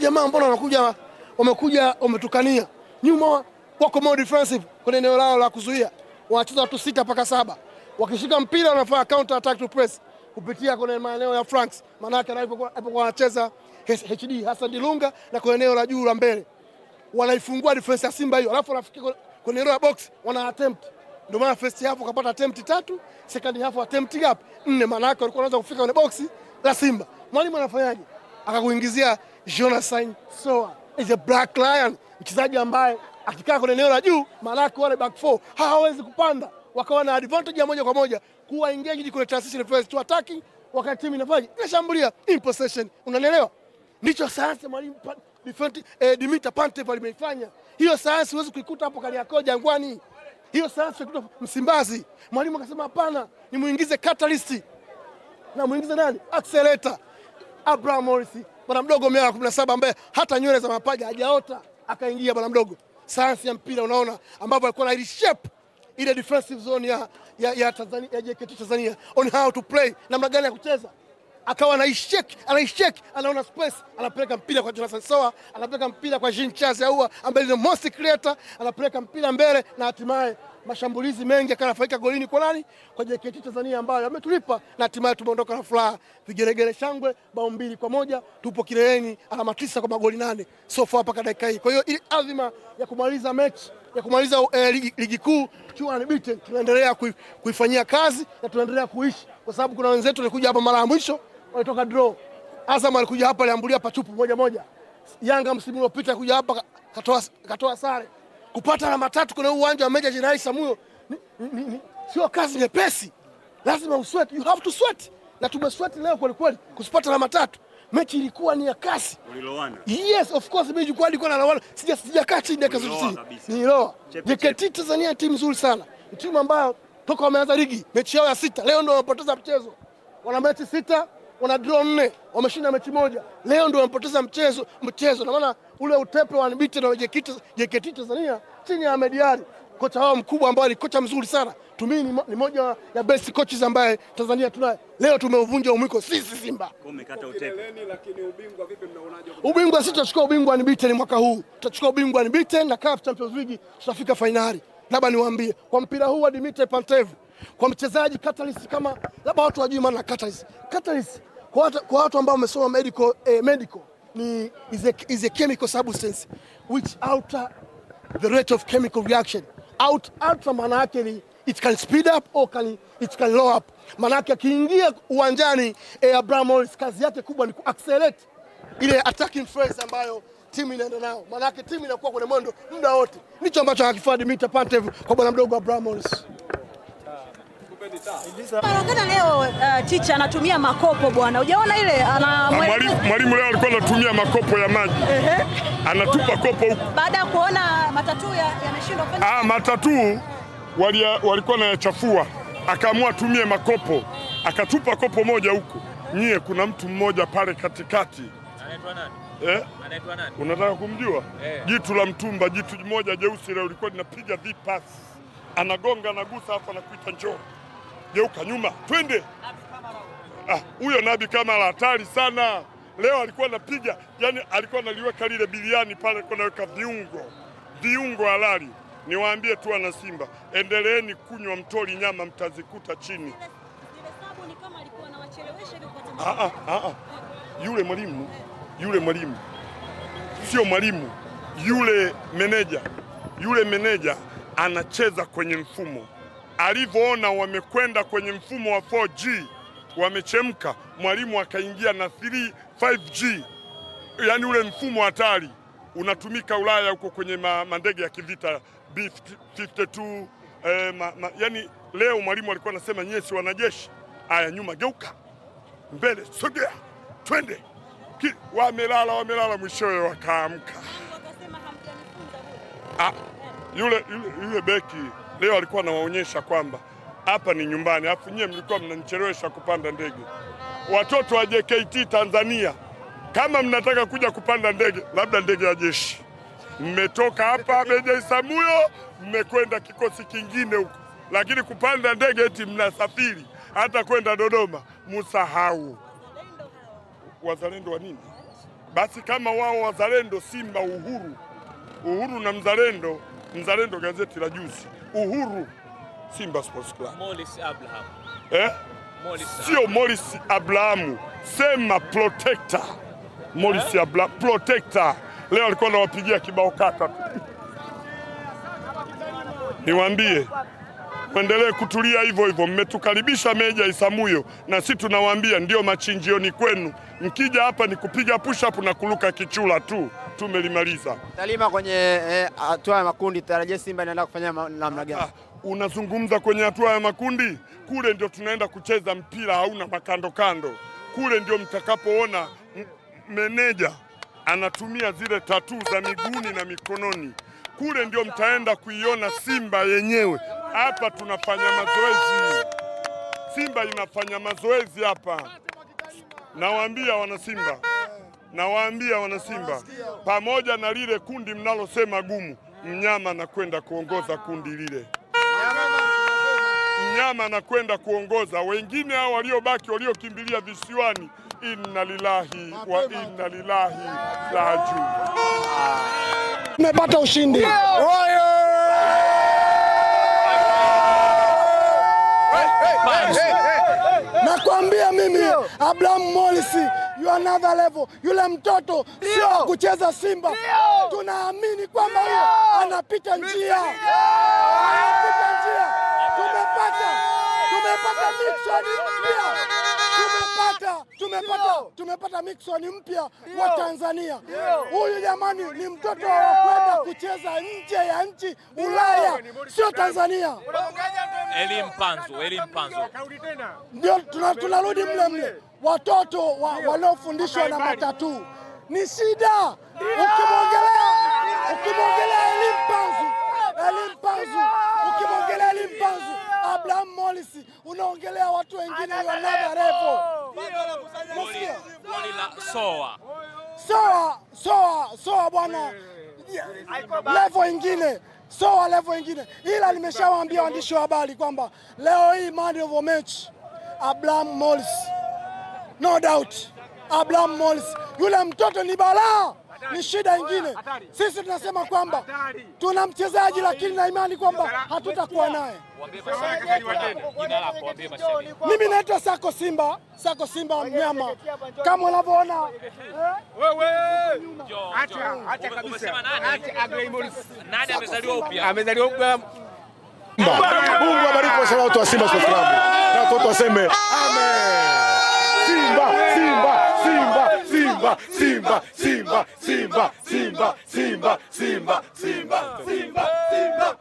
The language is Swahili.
jamaa mbona wanakuja wamekuja wametukania nyuma, wako more defensive kwenye eneo lao la kuzuia, wanacheza watu sita mpaka saba, wakishika mpira wanafanya counter attack to press kupitia kwenye maeneo ya Franks, maana yake anapokuwa anacheza HD Hassan Dilunga na kwenye eneo la juu la mbele, wanaifungua defense ya Simba hiyo, alafu rafiki kwenye eneo ya box wana attempt. Ndio maana first half ukapata attempt tatu, second half attempt gap Nne. Maana yake walikuwa wanaweza kufika kwenye box la Simba. Mwalimu anafanyaje? Akakuingizia Jonathan Soa is a black lion, mchezaji ambaye akikaa kwenye eneo la juu malaki wale back four hawawezi kupanda, wakawa na advantage ya moja kwa moja kuwa engage kwenye transition phase to attacking, wakati timu inafanya inashambulia in possession, unanielewa? Ndicho sayansi mwalimu eh, Dimitar Pantev alimeifanya hiyo sayansi. Huwezi kuikuta hapo Kariakoo, Jangwani. Hiyo sayansi kuta Msimbazi. Mwalimu akasema hapana, nimuingize catalyst na muingize nani, accelerator Abraham Morris bwana mdogo miaka kumi na saba ambaye hata nywele za mapaja hajaota akaingia bwana mdogo. Sayansi ya mpira unaona, ambapo alikuwa na shape ile defensive zone ya, ya, ya, Tanzania, ya JKT Tanzania on how to play, namna gani ya kucheza akawa anaisheki anaisheki, anaona space, anapeleka mpira kwa Jonathan Soa, anapeleka mpira kwa Jean Charles Ahoua ambaye ni most creator, anapeleka mpira mbele na hatimaye mashambulizi mengi yakanafanyika golini kwa nani? Kwa JKT Tanzania ambayo ametulipa na hatimaye tumeondoka na furaha, vigeregere, shangwe, bao mbili kwa moja. Tupo kileleni, alama tisa kwa magoli nane sofa hapa kwa dakika hii. Kwa hiyo ili azima ya kumaliza mechi ya kumaliza eh, ligi, ligi kuu tunaendelea kuifanyia kazi na tunaendelea kuishi, kwa sababu kuna wenzetu walikuja hapa mara ya mwisho walitoka draw. Azam alikuja hapa aliambulia pachupu moja moja. Yanga msimu uliopita kuja hapa katoa, katoa sare kupata alama tatu kwenye uwanja wa Meja Jenerali Samuyo sio kazi nyepesi, lazima usweti, you have to sweat, na tumesweti leo kwelikweli kusipata alama tatu. Mechi ilikuwa ni ya kasi. Ulilowana. Yes, of course mimi jukwaa nilikuwa nalawana. Sija sijakaa chini dakika zote. Niloa. JKT Tanzania timu nzuri sana. Timu ambayo toka wameanza ligi mechi yao ya sita leo ndio wanapoteza mchezo. Wana mechi sita, wana draw nne, wameshinda mechi moja. Leo ndio wanapoteza mchezo, mchezo. Na maana ule utepe wa unbeaten wa JKT Tanzania chini ya Ahmed Ally, kocha wao mkubwa ambaye ni kocha mzuri sana. Tumii ni moja ya best coaches ambaye Tanzania tunaye. Leo tumeuvunja umwiko sisi Simba. Umekata utepe. Lakini Ubingwa vipi mnaonaje? Ubingwa sisi tutachukua ubingwa ni unbeaten mwaka huu. Tutachukua ubingwa ni unbeaten na CAF Champions League tutafika finali. Labda niwaambie kwa mpira huu wa Dimitri Pantev kwa mchezaji Catalyst, kama labda watu wajui maana Catalyst. Catalyst kwa watu ambao wamesoma medical, eh, medical ni, is, a, is a chemical substance which alter the rate of chemical reaction out alter, manake ni it can speed up or can, it can low up. Manake akiingia uwanjani eh, Abraham Morris kazi yake kubwa ni kuaccelerate ile attacking phase ambayo timu inaenda nao, manake timu inakuwa kwenye mwendo muda wote. Ndicho ambacho hakifaa Dimitar Pantev kwa bwana mdogo Abraham Morris. Leo uh, eh, ticha anatumia makopo bwana, ujaona ile ana mwalimu leo alikuwa anatumia makopo ya maji anatupa kopo huko. Baada ya kuona matatu yameshindwa ah, matatu walikuwa nayachafua, akaamua atumie makopo, akatupa kopo moja huko. Nyie, kuna mtu mmoja pale katikati anaitwa nani? Eh? Anaitwa nani? Unataka kumjua? Eh. Jitu la mtumba, jitu moja jeusi leo lilikuwa linapiga vipas, anagonga anagusa, na kuita njoo, geuka nyuma, twende. Nabi Kamara ah, huyo, nabi Kamara hatari sana leo alikuwa anapiga, yani alikuwa analiweka lile biliani pale, kunaweka viungo viungo halali. Niwaambie tu wana Simba, endeleeni kunywa mtori nyama, mtazikuta chini. Ah, ah, ah, yule mwalimu yule mwalimu sio mwalimu, yule meneja yule meneja anacheza kwenye mfumo alivyoona wamekwenda kwenye mfumo wa 4G wamechemka, mwalimu akaingia na 5G, yani ule mfumo hatari unatumika Ulaya huko kwenye mandege ya kivita B52. Eh, ma, ma, yani leo mwalimu alikuwa anasema nyie si wanajeshi? Aya, nyuma geuka, mbele sogea, twende. Wamelala, wamelala, mwishowe wakaamka. Ah, yule, yule, yule beki leo alikuwa anawaonyesha kwamba hapa ni nyumbani, alafu nyie mlikuwa mnanichelewesha kupanda ndege watoto wa JKT Tanzania, kama mnataka kuja kupanda ndege, labda ndege ya jeshi, mmetoka hapa Beja Isamuyo, mmekwenda kikosi kingine huko, lakini kupanda ndege eti mnasafiri hata kwenda Dodoma, musahau. Wazalendo wa nini? Basi kama wao wazalendo, Simba Uhuru, Uhuru na Mzalendo, Mzalendo gazeti la juzi, Uhuru Simba Sports Club, Morris Abraham eh? sio Morris Abrahamu, sema protector. Morris eh? Abrahamu protector. Leo alikuwa anawapigia kibao kata tu. Niwaambie mwendelee kutulia hivyo hivyo, mmetukaribisha Meja Isamuyo na si tunawaambia ndio machinjioni kwenu. Mkija hapa ni kupiga push up na kuluka kichula tu. Tumelimaliza talima kwenye hatua eh, ya ah, makundi. Tarajia Simba inaenda kufanya namna gani? Ah, unazungumza kwenye hatua ya makundi kule, ndio tunaenda kucheza mpira, hauna makandokando kule, ndio mtakapoona meneja anatumia zile tatuu za miguuni na mikononi kule ndio mtaenda kuiona Simba yenyewe. Hapa tunafanya mazoezi, Simba inafanya mazoezi hapa. Nawaambia wana Simba, nawaambia wana Simba, pamoja na lile kundi mnalosema gumu, mnyama anakwenda kuongoza kundi lile mnyama na kwenda kuongoza wengine hao waliobaki waliokimbilia visiwani. Inna lillahi wa inna lillahi rajiun. Tumepata ushindi. Oye! Nakwambia mimi Abraham Morris you another level. Yule mtoto sio kucheza Simba, tunaamini kwamba huyo anapita njia Leo. tumepata tumepata tumepata Mickson mpya wa Tanzania. Huyu jamani, ni mtoto wa kwenda kucheza nje ya nchi Ulaya, sio Tanzania. Eli Mpanzu. ndio tunarudi mle mle. Watoto waliofundishwa na matatu ni shida, ukimwongelea ukimwongelea Mpanzu Sam Morris unaongelea watu wengine soa soa soa soa bwana levo ingine soa levo ingine, ila nimeshawaambia waandishi wa habari kwamba leo hii man of the match Abraham Morris, no doubt Abraham Morris, yule mtoto ni balaa ni shida nyingine. Sisi tunasema kwamba tuna mchezaji lakini na imani kwamba hatutakuwa naye. Mimi naitwa Sako Simba, Sako Simba mnyama, kama unavyoona amezaliwa upya. Mungu abariki wa Simba Sports Club na watoto waseme Simba, Simba, Simba, Simba, Simba, Simba, Simba, Simba, Simba, Simba, Simba.